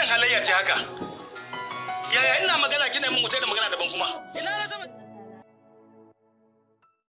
irin halayya ce haka yaya ina magana kina mun wuce da magana daban kuma ina na zama